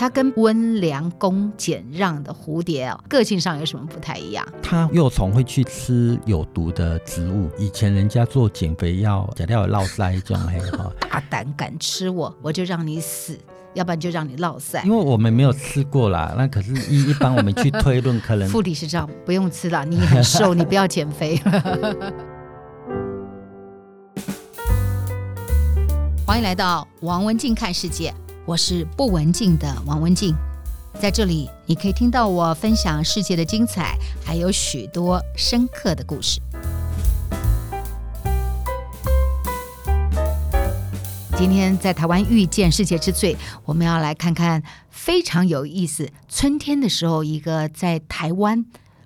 它跟溫良恭儉讓的蝴蝶哦，個性上有什麼不太一樣？它幼蟲會去吃有毒的植物，以前人家做減肥藥，假料有落塞種，哎呦哈！大膽敢吃我，我就讓你死，要不然就讓你落塞。因為我們沒有吃過啦，那可是一，一一般我們去推論可能。 副理事長不用吃了，你很瘦，你不要減肥。 歡迎來到王文靜看世界。我是不文靜的王文靜，在這裡你可以聽到我分享世界的精彩，還有許多深刻的故事。今天在台灣遇見世界之最，我們要來看看非常有意思。春天的時候，一個在台灣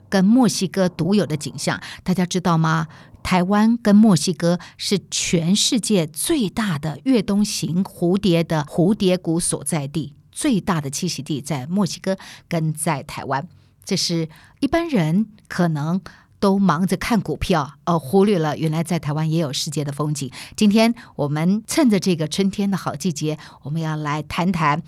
跟墨西哥獨有的景象，大家知道嗎？台灣跟墨西哥是全世界最大的越冬型蝴蝶的蝴蝶谷所在地，最大的棲息地在墨西哥，跟在台灣。這是一般人可能都忙着看股票，而、哦、忽略了原來在台灣也有世界的風景。今天我們趁着這個春天的好季節，我們要來談談。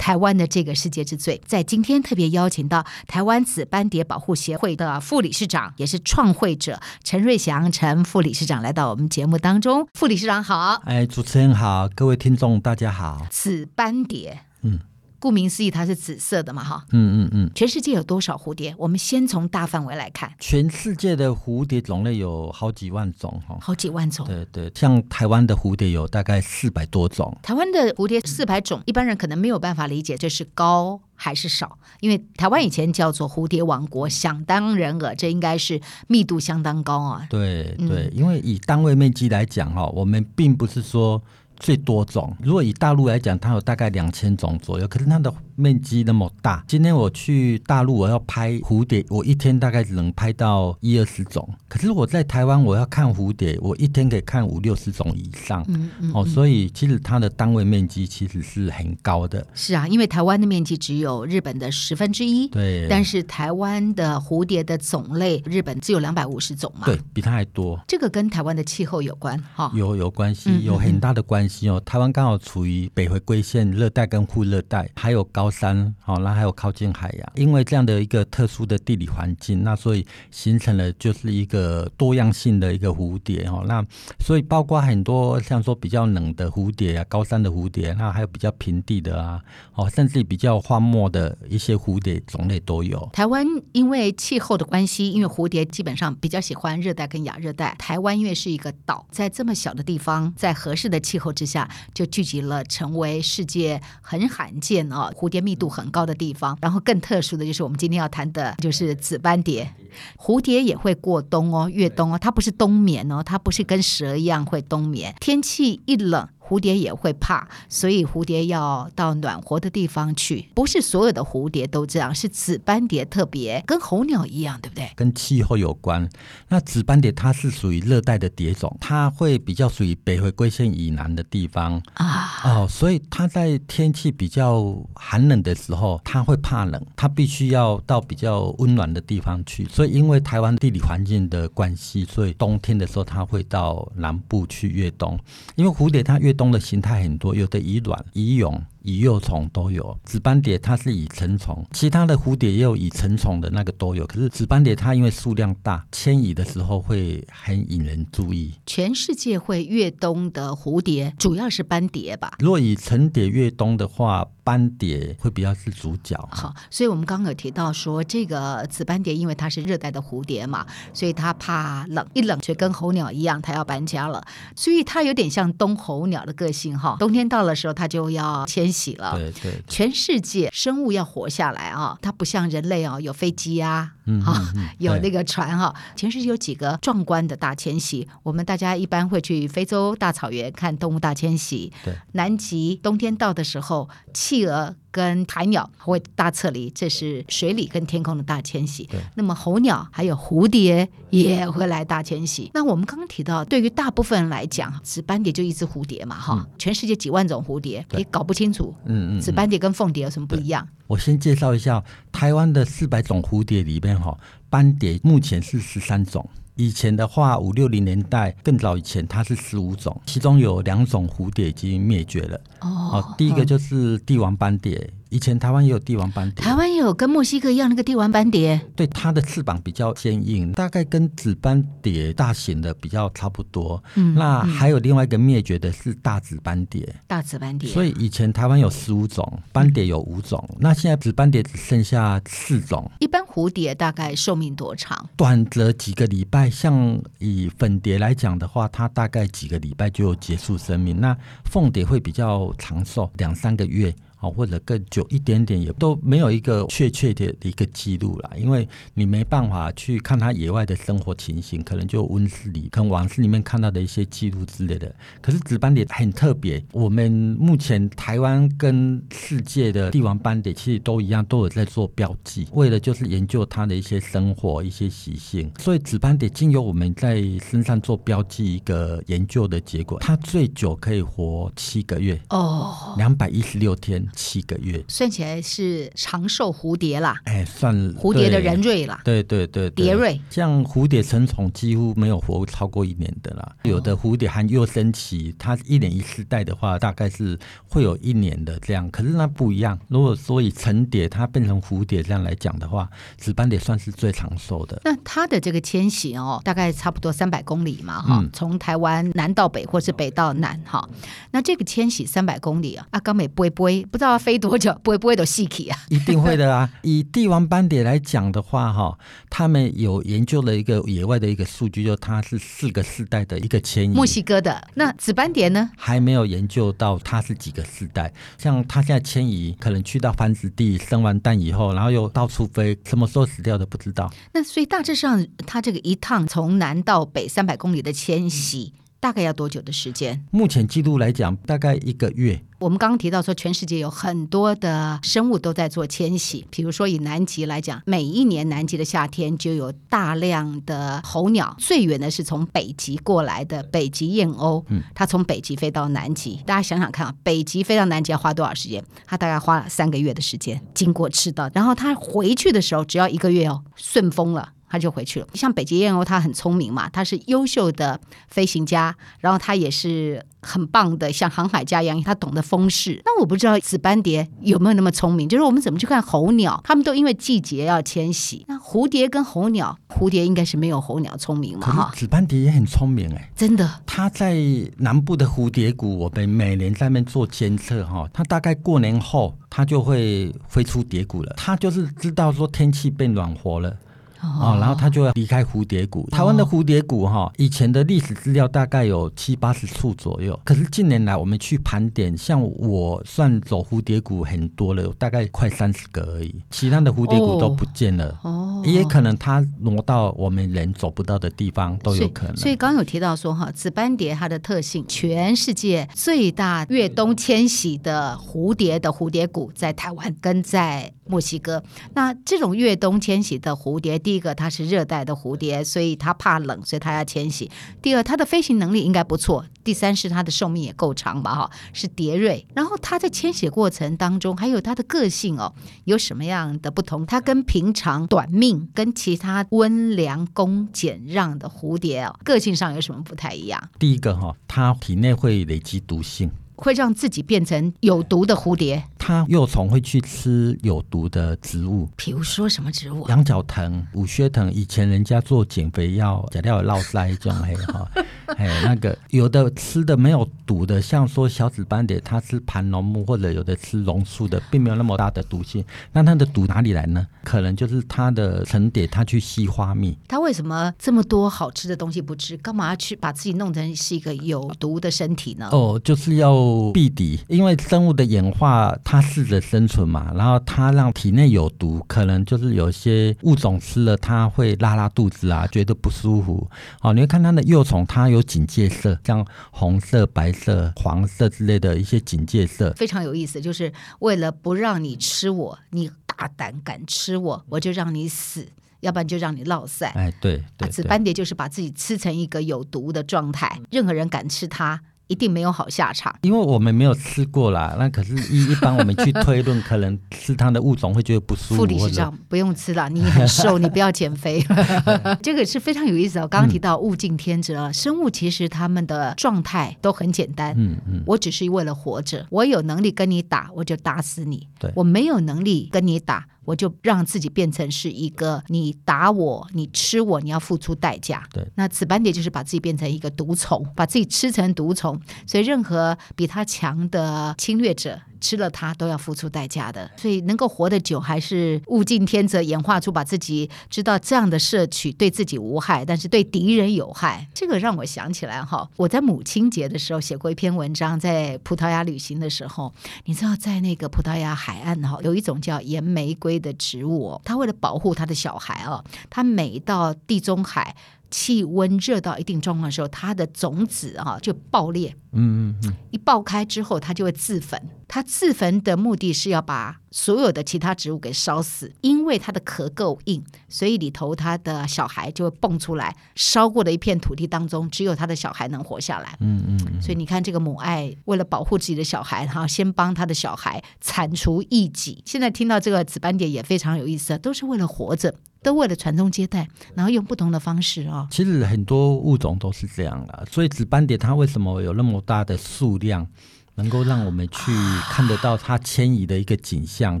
台灣的這個世界之最。在今天特別邀請到台灣紫斑蝶保護協會的副理事長，也是創會者陳瑞祥陳副理事長來到我們節目當中。副理事長好，哎，主持人好，各位聽眾大家好。紫斑蝶，嗯。顧名思義，它是紫色的嘛，哈。嗯嗯嗯。全世界有多少蝴蝶？我們先從大範圍來看。全世界的蝴蝶種類有好幾萬種，哈。好幾萬種。對，對對，像台灣的蝴蝶有大概四百多種。台灣的蝴蝶四百種，嗯、一般人可能沒有辦法理解這是高還是少，因為台灣以前叫做蝴蝶王國，想當然爾。這應該是密度相當高啊、哦。對對，嗯、因為以單位面積來講，哈，我們並不是說。最多種，如果以大陸來講，它有大概兩千種左右，可是它的，面積那麼大，今天我去大陸，我要拍蝴蝶，我一天大概只能拍到一二十種。可是我在台灣，我要看蝴蝶，我一天可以看五六十種以上。嗯嗯、哦，所以其實它的單位面積其實是很高的。是啊，因為台灣的面積只有日本的十分之一，對。但是台灣的蝴蝶的種類，日本只有兩百五十種嘛，對比它還多。這個跟台灣的氣候有關，哈，有有關係，有很大的關係哦。嗯嗯、台灣剛好處於北回歸線，熱帶跟副熱帶，還有高。山好，那還有靠近海洋啊。因為這樣的一個特殊的地理環境，那所以形成了就是一個多樣性的一個蝴蝶哈。那所以包括很多像說比較冷的蝴蝶啊，高山的蝴蝶，那還有比較平地的啊，哦，甚至比較荒漠的一些蝴蝶種類都有。台灣因為氣候的關係，因為蝴蝶基本上比較喜歡熱帶跟亞熱帶，台灣因為是一個島，在這麼小的地方，在合適的氣候之下，就聚集了成為世界很罕見哦蝴蝶密度很高的地方，然後更特殊的就是我們今天要談的，就是紫斑蝶。蝴蝶也會過冬哦，越冬哦，它不是冬眠哦，它不是跟蛇一樣會冬眠，天氣一冷。蝴蝶也會怕，所以蝴蝶要到暖和的地方去。不是所有的蝴蝶都這樣，是紫斑蝶特別，跟候鳥一樣，對不對？跟氣候有關。那紫斑蝶它是屬於熱帶的蝶種，它會比較屬於北回歸線以南的地方啊。哦，所以它在天氣比較寒冷的時候，它會怕冷，它必須要到比較溫暖的地方去。所以因為台灣地理環境的關係，所以冬天的時候它會到南部去越冬。因為蝴蝶它越動的形態很多，有的以卵，以蛹，以幼蟲都有，紫斑蝶，它是以成蟲，其他的蝴蝶也有以成蟲的那個都有。可是紫斑蝶它因為數量大，遷移的時候會很引人注意。全世界會越冬的蝴蝶，主要是斑蝶吧？若以成蝶越冬的話，斑蝶會比較是主角。好，所以我們剛剛有提到說，這個紫斑蝶因為它是熱帶的蝴蝶嘛，所以它怕冷，一冷卻跟候鳥一樣，它要搬家了。所以它有點像冬候鳥的個性哈。冬天到了的時候，它就要遷。了，對，對對，全世界生物要活下來啊，它不像人類啊，有飛機啊，嗯嗯嗯啊，有那個船啊。全對世界有幾個壯觀的大遷徙？我們大家一般會去非洲大草原看動物大遷徙，對南極冬天到的時候，企鵝。跟海鳥會大撤離，這是水裡跟天空的大遷徙。對那麼候鳥還有蝴蝶也會來大遷徙。對那我們剛剛提到，對於大部分人來講，紫斑蝶就一隻蝴蝶嘛，哈、嗯，全世界幾萬種蝴蝶，對也搞不清楚。嗯，嗯嗯。紫斑蝶跟鳳蝶有什麼不一樣？我先介紹一下，台灣的四百種蝴蝶裡面，哈，斑蝶目前是十三種。以前的話，五六零年代更早以前，它是十五種，其中有兩種蝴蝶已經滅絕了。Oh. 哦，第一個就是帝王斑蝶。以前台灣也有帝王斑蝶，台灣也有跟墨西哥一樣那個帝王斑蝶，對，它的翅膀比較堅硬，大概跟紫斑蝶大型的比較差不多。嗯、那還有另外一個滅絕的是大紫斑蝶，大紫斑蝶。所以以前台灣有十五種斑蝶，有五種，種嗯、那現在紫斑蝶只剩下四種。一般蝴蝶大概壽命多長？短則幾個禮拜，像以粉蝶來講的話，它大概幾個禮拜就結束生命。那鳳蝶會比較長壽，兩三個月。哦，或者更久一點點，也都沒有一個確切的一個記錄了，因為你沒辦法去看它野外的生活情形，可能就溫室裡，可能網室裡面看到的一些記錄之類的。可是紫斑蝶很特別，我們目前台灣跟世界的帝王斑蝶其實都一樣，都有在做標記，為了就是研究它的一些生活，一些習性。所以紫斑蝶經由我們在身上做標記一個研究的結果，它最久可以活七個月，哦，兩百一十六天。七個月算起來是長壽蝴蝶啦，哎，算蝴蝶的人瑞啦，對對，對對對，蝶瑞。像蝴蝶成蟲幾乎沒有活過超過一年的啦，哦、有的蝴蝶還幼生期，它一年一世代的話，大概是會有一年的這樣。可是那不一樣，如果所以成蝶它變成蝴蝶這樣來講的話，紫斑蝶算是最長壽的。那它的這個遷徙哦，大概差不多三百公里嘛，哈、嗯，從台灣南到北或是北到南，哈、嗯，那這個遷徙三百公里啊剛背背，阿岡美杯杯不？知道要飛多久？不會不會走細氣啊！一定會的啦。 以帝王斑蝶來講的話，哈，他們有研究了一個野外的一個數據，就它、是、是四個世代的一個遷移。墨西哥的那紫斑蝶呢？還沒有研究到它是幾個世代。像它現在遷移，可能去到繁殖地生完蛋以後，然後又到處飛，什麼時候死掉都不知道。那所以大致上，它這個一趟從南到北三百公里的遷徙。嗯大概要多久的時間？目前記錄來講，大概一個月。我們剛剛提到說，全世界有很多的生物都在做遷徙。比如說以南極來講，每一年南極的夏天就有大量的候鳥，最遠的是從北極過來的北極燕鷗。它從北極飛到南極，嗯，大家想想看啊，北極飛到南極要花多少時間？它大概花了三個月的時間，經過赤道，然後它回去的時候只要一個月哦，順風了。他就回去了。像北極燕鷗，他很聰明嘛，他是優秀的飛行家，然後他也是很棒的，像航海家一樣，他懂得風勢。那我不知道紫斑蝶有沒有那麼聰明？就是我們怎麼去看候鳥，他們都因為季節要遷徙。那蝴蝶跟候鳥，蝴蝶應該是沒有候鳥聰明嘛？哈，紫斑蝶也很聰明哎，真的。他在南部的蝴蝶谷，我們每年在那邊做監測哈，他大概過年後，他就會飛出蝶谷了。他就是知道說天氣變暖和了。Oh, 然後他就要離開蝴蝶谷。臺灣的蝴蝶谷哈，oh. 以前的歷史資料大概有七八十處左右。可是近年來我們去盤點，像我算走蝴蝶谷很多了，大概快三十個而已。其他的蝴蝶谷都不見了，oh. Oh. 也可能它挪到我們人走不到的地方都有可能。所以剛剛有提到說哈，紫斑蝶它的特性，全世界最大越冬遷徙的蝴蝶的蝴蝶谷在臺灣，跟在。墨西哥，那這種越冬遷徙的蝴蝶，第一個它是熱帶的蝴蝶，所以它怕冷，所以它要遷徙。第二，它的飛行能力應該不錯。第三是它的壽命也夠長吧？哈，是蝶瑞。然後它在遷徙過程當中，還有它的個性哦，有什麼樣的不同？它跟平常短命、跟其他溫良恭儉讓的蝴蝶哦，個性上有什麼不太一樣？第一個哈，它體內會累積毒性。會讓自己變成有毒的蝴蝶，它幼蟲會去吃有毒的植物，比如說什麼植物？啊，羊角藤、武靴藤，以前人家做減肥藥，假料落賽種黑哈。 哦 哎，那個有的吃的沒有毒的，像說小紫斑蝶，它吃盤龍木或者有的吃榕樹的，並沒有那麼大的毒性。那它的毒哪裡來呢？可能就是它的成蝶，它去吸花蜜。它為什麼這麼多好吃的東西不吃？幹嘛要去把自己弄成是一個有毒的身體呢？哦，就是要避敵。因為生物的演化，它試着生存嘛，然後它讓體內有毒，可能就是有些物種吃了它會拉拉肚子啊，覺得不舒服。哦，你會看它的幼蟲，它有。警戒色，像紅色、白色、黃色之類的一些警戒色，非常有意思。就是為了不讓你吃我，你大膽敢吃我，我就讓你死；要不然就讓你落賽。哎，對，對，紫斑蝶就是把自己吃成一個有毒的狀態，嗯、任何人敢吃它。一定沒有好下場，因為我們沒有吃過啦。那可是一，一一般我們去推論， 可能吃它的物種會覺得不舒服，副理事長，不用吃了。你很瘦，你不要減肥。 對這個是非常有意思，我剛剛提到物競天擇，嗯、生物其實他們的狀態都很簡單。嗯嗯，我只是為了活着，我有能力跟你打，我就打死你。對，我沒有能力跟你打。我就讓自己變成是一個，你打我，你吃我，你要付出代價。對，那紫斑蝶就是把自己變成一個毒蟲，把自己吃成毒蟲，所以任何比它強的侵略者。吃了它都要付出代價的，所以能夠活得久還是物競天擇演化出把自己知道這樣的攝取對自己無害，但是對敵人有害。這個讓我想起來哈，我在母親節的時候寫過一篇文章，在葡萄牙旅行的時候，你知道在那個葡萄牙海岸哈，有一種叫鹽玫瑰的植物，它為了保護它的小孩哦，它每到地中海。氣溫熱到一定狀況的時候，它的種子啊就爆裂。嗯，嗯，嗯，一爆開之後，它就會自焚。它自焚的目的是要把所有的其他植物給燒死，因為它的殼夠硬，所以裡頭它的小孩就會蹦出來。燒過的一片土地當中，只有他的小孩能活下來。嗯，嗯嗯，所以你看，這個母愛為了保護自己的小孩，哈，先幫他的小孩鏟除異己。現在聽到這個紫斑蝶也非常有意思，都是為了活着。都為了傳宗接代，然後用不同的方式哦。其實很多物種都是這樣了，啊，所以紫斑蝶它為什麼有那麼大的數量，能夠讓我們去看得到它遷移的一個景象？啊，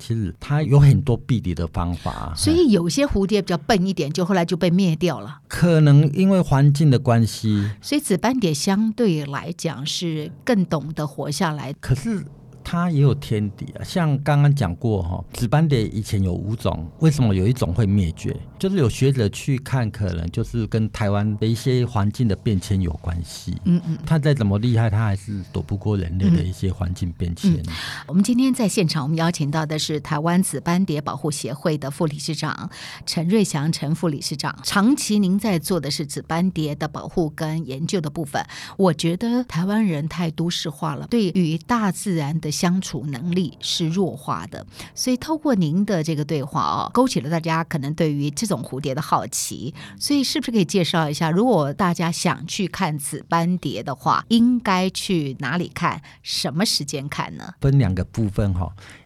其實它有很多避敵的方法。所以有些蝴蝶比較笨一點，就後來就被滅掉了。可能因為環境的關係，所以紫斑蝶相對來講是更懂得活下來的。可是。它也有天敵啊，像剛剛講過哈，紫斑蝶以前有五種，為什麼有一種會滅絕？就是有學者去看，可能就是跟台灣的一些環境的變遷有關係。嗯嗯，嗯，他再怎麼厲害，他還是躲不過人類的一些環境變遷。嗯嗯。我們今天在現場，我們邀請到的是台灣紫斑蝶保護協會的副理事長陳瑞祥，陳副理事長，長期您在做的是紫斑蝶的保護跟研究的部分。我覺得台灣人太都市化了，對於大自然的。相處能力是弱化的，所以透過您的這個對話啊、哦，勾起了大家可能對於這種蝴蝶的好奇。所以是不是可以介紹一下，如果大家想去看紫斑蝶的話，應該去哪裡看，什麼時間看呢？分兩個部分，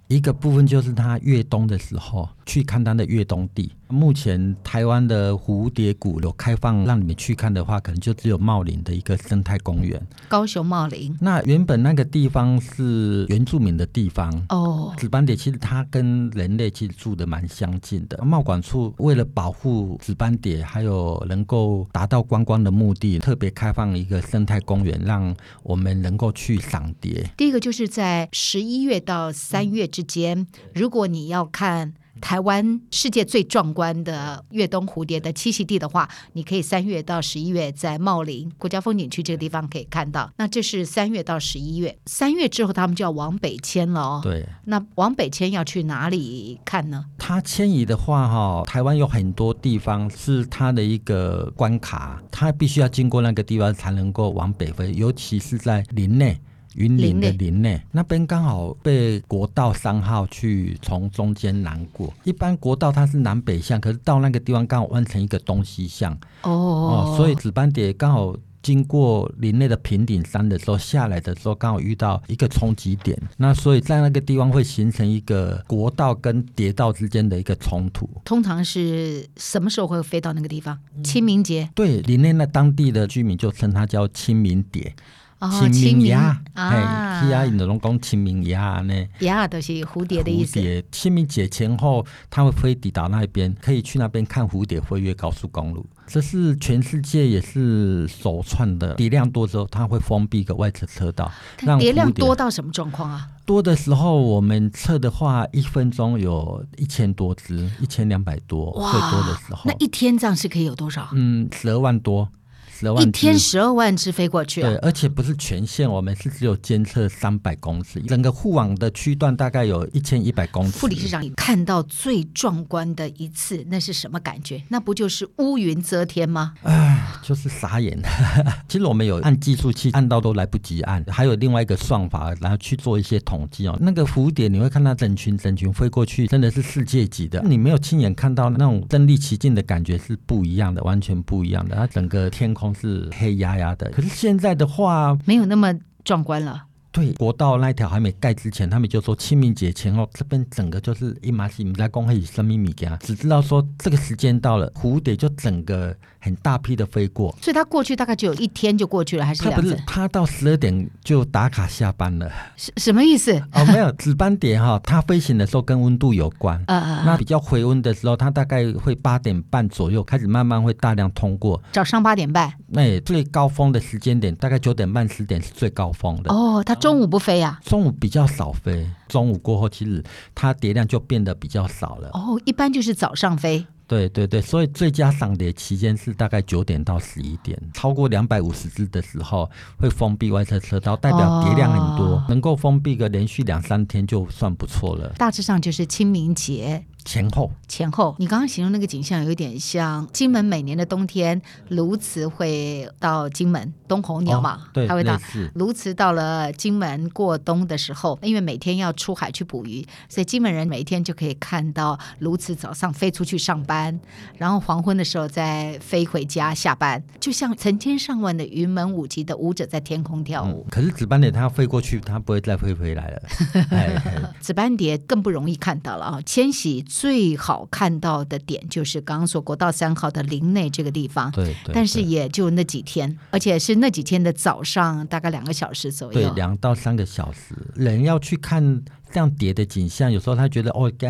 一個部分就是它越冬的時候。去看它的越冬地。目前台灣的蝴蝶谷有開放讓你們去看的話，可能就只有茂林的一個生態公園——高雄茂林。那原本那個地方是原住民的地方哦。紫斑蝶其實它跟人類其實住的蠻相近的。茂管處為了保護紫斑蝶，還有能夠達到觀光的目的，特別開放了一個生態公園，讓我們能夠去賞蝶。第一個就是在十一月到三月之間，嗯、如果你要看。台灣世界最壯觀的越冬蝴蝶的棲息地的話，你可以三月到十一月在茂林國家風景區這個地方可以看到。那這是三月到十一月，三月之後他們就要往北遷了哦。對，那往北遷要去哪裡看呢？它遷移的話，哈，台灣有很多地方是它的一個關卡，它必須要經過那個地方才能夠往北飛，尤其是在林內。雲林的林內，林內？那邊剛好被國道三號去從中間南過，一般國道它是南北向，可是到那個地方剛好彎成一個東西向哦、嗯，所以紫斑蝶剛好經過林內的平頂山的時候下來的時候剛好遇到一個衝擊點，那所以在那個地方會形成一個國道跟蝶道之間的一個衝突。通常是什麼時候會飛到那個地方？嗯、清明節對林內那當地的居民就稱它叫清明蝶。清明呀，哎、哦，是啊，那種講清明呀呢，呀、啊，啊就是蝴蝶的意思。清明節前後，他會可以抵達那邊，可以去那邊看蝴蝶飛越高速公路。這是全世界也是首創的，蝶、嗯、量多之後，他會封閉個外側車、車道。蝶量多到什麼狀況啊？多的時候，我們測的話，一分鐘有一千多隻，一千兩百多。哇最多的時候。那一天這樣是可以有多少？嗯，十二萬多。一天十二萬隻飛過去，啊，對，而且不是全線，我們是只有監測三百公里。整個護網的區段大概有一千一百公里。副理事長，你看到最壯觀的一次，那是什麼感覺？那不就是烏雲遮天嗎？啊、呃，就是傻眼。 其實我們有按計數器按到都來不及按，還有另外一個算法，然後去做一些統計哦。那個蝴蝶，你會看到整群整群飛過去，真的是世界級的。你沒有親眼看到那種身歷其境的感覺是不一樣的，完全不一樣的。它整個天空。是黑壓壓的，可是現在的話，沒有那麼壯觀了。對，國道那一條還沒蓋之前，他們就說清明節前後，這邊整個就是一麻吉在公害里生米米家，只知道說這個時間到了，蝴蝶就整個很大批的飛過。所以它過去大概就有一天就過去了，還是這樣子？他不是，趴到十二點就打卡下班了。什什麼意思？哦，沒有紫斑蝶哈、哦，它飛行的時候跟溫度有關。嗯嗯。那比較回溫的時候，它大概會八點半左右開始慢慢會大量通過。早上八點半？那也、嗯、最高峰的時間點大概九點半十點是最高峰的。哦，它。中午不飛呀、啊，中午比較少飛。中午過後，其實它蝶量就變得比較少了。哦，一般就是早上飛。對對對，所以最佳賞蝶期間是大概九點到十一點。超過兩百五十隻的時候會封閉外側車，車道，代表蝶量很多，哦、能夠封閉個連續兩三天就算不錯了。大致上就是清明節，前後前後，你剛剛形容那個景象有點像金門每年的冬天鸕鶿會到金門冬候鳥嘛。對，它會到鸕鶿似到了金門過冬的時候，因為每天要出海去捕魚，所以金門人每天就可以看到鸕鶿早上飛出去上班，然後黃昏的時候再飛回家下班，就像成千上萬的雲門舞集的舞者在天空跳舞。嗯、可是紫斑蝶它飛過去，它不會再飛回來了。紫斑蝶更不容易看到了啊，遷徙。最好看到的點就是剛剛說國道三號的林內這個地方，對，對，對，但是也就那幾天，而且是那幾天的早上，大概兩個小時左右，對，兩到三個小時，人要去看。這樣疊的景象，有時候他覺得哦，今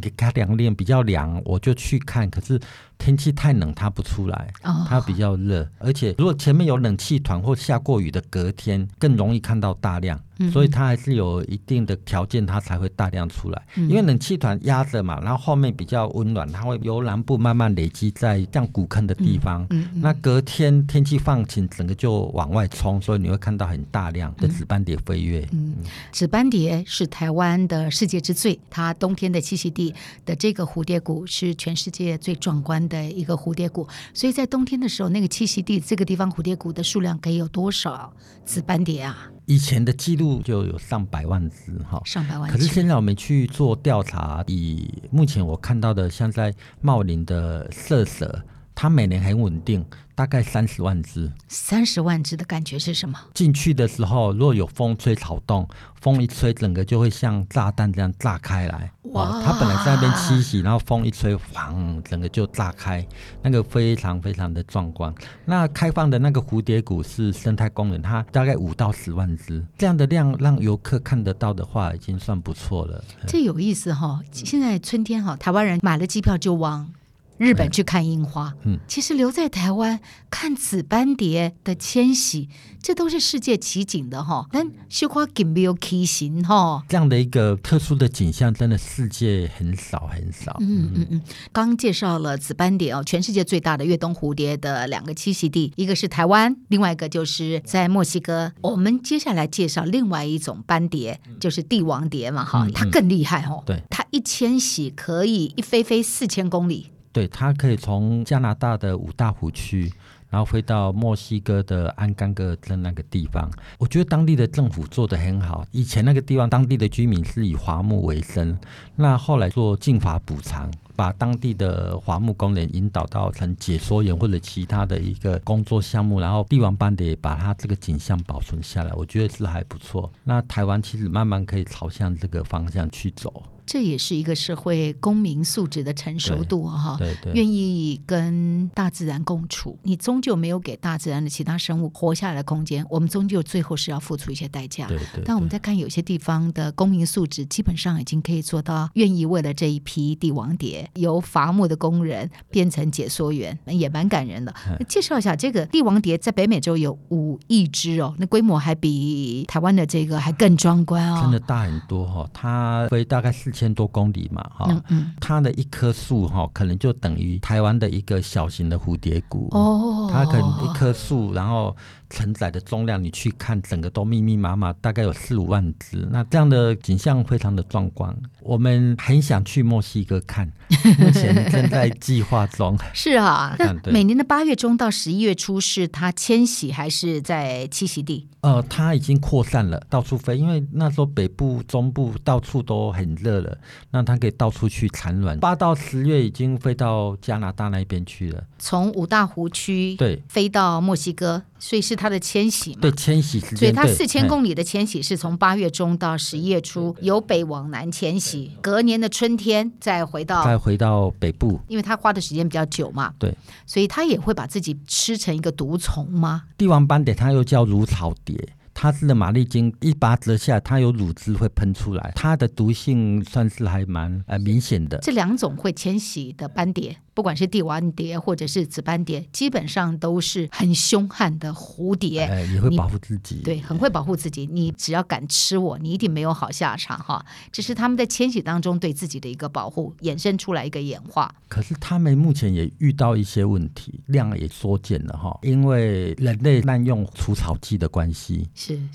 天該大量，量比較涼，我就去看。可是天氣太冷，它不出來。哦。Oh. 它比較熱，而且如果前面有冷氣團或下過雨的隔天，更容易看到大量。嗯嗯，所以它還是有一定的條件，它才會大量出來。嗯、因為冷氣團壓着嘛，然後後面比較溫暖，它會由南部慢慢累積在像古坑的地方。嗯嗯嗯，那隔天天氣放晴，整個就往外衝，所以你會看到很大量的紫斑蝶飛躍。嗯，嗯，紫斑蝶是台灣。灣的世界之最，它冬天的棲息地的這個蝴蝶谷是全世界最壯觀的一個蝴蝶谷，所以在冬天的時候，那個棲息地這個地方蝴蝶谷的數量可以有多少只斑蝶啊？以前的記錄就有上百萬只哈，哦、上百萬只。可是現在我們去做調查，以目前我看到的，像在茂林的社舍，它每年很穩定。大概三十萬隻，三十萬隻的感覺是什麼？進去的時候，如果有風吹草動，風一吹，整個就會像炸彈這樣炸開來。哇、哦！它本來在那邊棲息，然後風一吹，砰，整個就炸開，那個非常非常的壯觀。那開放的那個蝴蝶谷是生態公園，它大概五到十萬隻這樣的量，讓遊客看得到的話，已經算不錯了。這有意思哈、哦！現在春天哈，台灣人買了機票就往。日本去看櫻花，嗯嗯、其實留在台灣看紫斑蝶的遷徙，這都是世界奇景的哈。那繡花給沒有開哈？這樣的一個特殊的景象，真的世界很少很少。嗯嗯嗯。剛介紹了紫斑蝶哦，全世界最大的越冬蝴蝶的兩個棲息地，一個是台灣，另外一個就是在墨西哥。我們接下來介紹另外一種斑蝶，就是帝王蝶嘛哈，嗯嗯、它更厲害哦。對，它一遷徙可以一飛飛四千公里。對，他可以從加拿大的五大湖區，然後飛到墨西哥的安干戈鎮那個地方。我覺得當地的政府做得很好。以前那個地方當地的居民是以伐木為生，那後來做禁伐補償，把當地的伐木工人引導到成解說員或者其他的一個工作項目，然後帝王斑蝶把它這個景象保存下來，我覺得是還不錯。那台灣其實慢慢可以朝向這個方向去走。這也是一個社會公民素質的成熟度哈、哦，對對對，願意跟大自然共處，你終究沒有給大自然的其他生物活下來的空間，我們終究最後是要付出一些代價。對對對，但我們在看有些地方的公民素質，基本上已經可以做到願意為了這一批帝王蝶，由伐木的工人變成解說員，也蠻感人的。嘿介紹一下，這個帝王蝶在北美洲有五億隻哦，那規模還比台灣的這個還更壯觀哦，真的大很多哈、哦。它會大概是。千多公里嘛，哈、嗯，嗯、它的一棵樹哈，可能就等於台灣的一個小型的蝴蝶谷。哦，它可能一棵樹，然後承載的重量，你去看整個都密密麻麻，大概有四五萬只。那這樣的景象非常的壯觀。我們很想去墨西哥看， 目前正在計劃中。 是啊，嗯、每年的八月中到十一月初是它遷徙還是在棲息地？呃，它已經擴散了，到處飛，因為那時候北部、中部到處都很熱。那它可以到處去產卵，八到十月已經飛到加拿大那邊去了，從五大湖區對飛到墨西哥，對所以是它的遷徙對遷徙時間，所以它四千公里的遷徙是從八月中到十一月初由北往南遷徙，對對對對隔年的春天再回到再回到北部，因為它花的時間比較久嘛，對，所以它也會把自己吃成一個毒蟲嗎？帝王斑蝶，它又叫乳草蝶。它是的馬利筋一拔之下，它有乳汁會噴出來，它的毒性算是還蠻呃明顯的。這兩種會遷徙的斑蝶，不管是帝王蝶或者是紫斑蝶，蝶，基本上都是很凶悍的蝴蝶。哎、呃，你也會保護自己，對，很會保護自己。呃、你只要敢吃我，你一定沒有好下場哈。這是他們在遷徙當中對自己的一個保護，衍生出來一個演化。可是他們目前也遇到一些問題，量也縮減了哈，因為人類濫用除草劑的關係。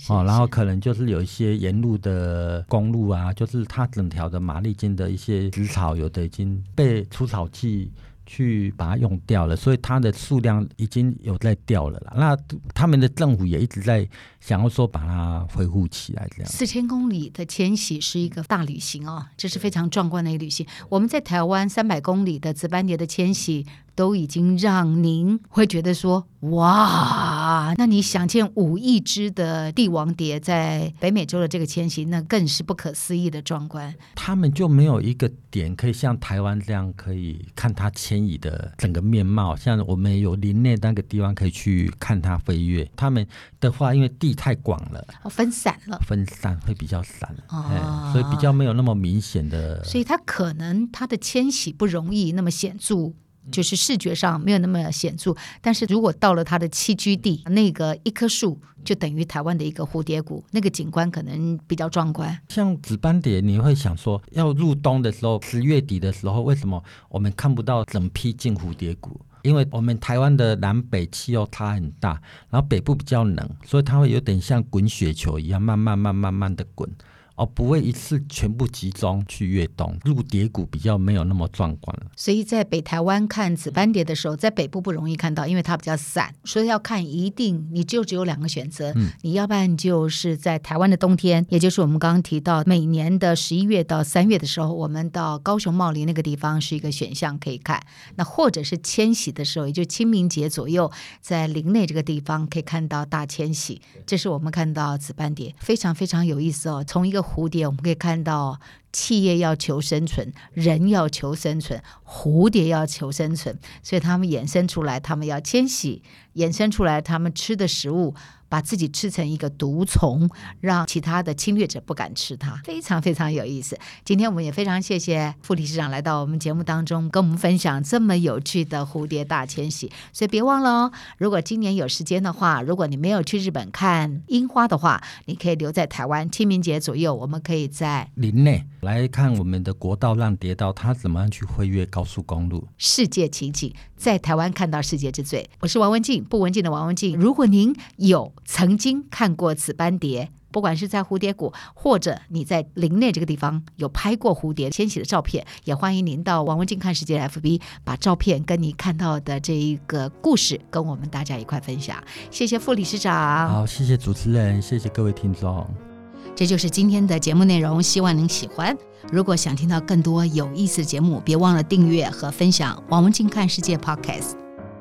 哦，然後，可能就是有一些沿路的公路啊，就是它整條的馬利筋的一些植草，有的已經被除草劑去把它用掉了，所以它的數量已經有在掉了啦。那他們的政府也一直在想要說把它恢復起來。這樣，四千公里的遷徙是一個大旅行哦，這是非常壯觀的一個旅行。我們在台灣三百公里的紫斑蝶的遷徙。都已經讓您會覺得說哇，那你想見五億隻的帝王蝶在北美洲的這個遷徙呢，那更是不可思議的壯觀。他們就沒有一個點可以像台灣這樣可以看它遷移的整個面貌，像我們有林內那個地方可以去看它飛躍。他們的話，因為地太廣了，哦、分散了，分散會比較散哦、嗯，所以比較沒有那麼明顯的，所以它可能它的遷徙不容易那麼顯著。就是視覺上沒有那麼顯著，但是如果到了它的棲居地，那個一棵樹就等於台灣的一個蝴蝶谷，那個景觀可能比較壯觀。像紫斑蝶，你會想說，要入冬的時候，十月底的時候，為什麼我們看不到整批進蝴蝶谷？因為我們台灣的南北氣候差很大，然後北部比較冷，所以它會有點像滾雪球一樣，慢慢、慢、慢慢的滾。而、哦、不會一次全部集中去越冬，入蝶谷比較沒有那麼壯觀了。所以在北台灣看紫斑蝶的時候，在北部不容易看到，因為它比較散，所以要看一定你就只有兩個選擇，嗯、你要不然就是在台灣的冬天，也就是我們剛剛提到每年的十一月到三月的時候，我們到高雄茂林那個地方是一個選項可以看。那或者是遷徙的時候，也就清明節左右，在林內這個地方可以看到大遷徙，這是我們看到紫斑蝶非常非常有意思哦，從一個。蝴蝶，我們可以看到，企業要求生存，人要求生存，蝴蝶要求生存，所以他們衍生出來，他們要遷徙，衍生出來，他們吃的食物。把自己吃成一個毒蟲，讓其他的侵略者不敢吃它，非常非常有意思。今天我們也非常謝謝副理事長來到我們節目當中，跟我們分享這麼有趣的蝴蝶大遷徙。所以別忘了哦，如果今年有時間的話，如果你沒有去日本看櫻花的話，你可以留在台灣，清明節左右，我們可以在林內來看我們的國道讓蝶道，它怎麼樣去飛越高速公路，世界奇景，在台灣看到世界之最。我是王文靜，不文靜的王文靜。如果您有曾經看過此斑蝶，不管是在蝴蝶谷，或者你在林內這個地方有拍過蝴蝶遷徙的照片，也歡迎您到王文靜看世界 FB 把照片跟你看到的這一個故事跟我們大家一塊分享。謝謝副理事長，好，謝謝主持人，謝謝各位聽眾。這就是今天的節目內容，希望您喜歡。如果想聽到更多有意思的節目，別忘了訂閱和分享王文靜看世界 Podcast。Pod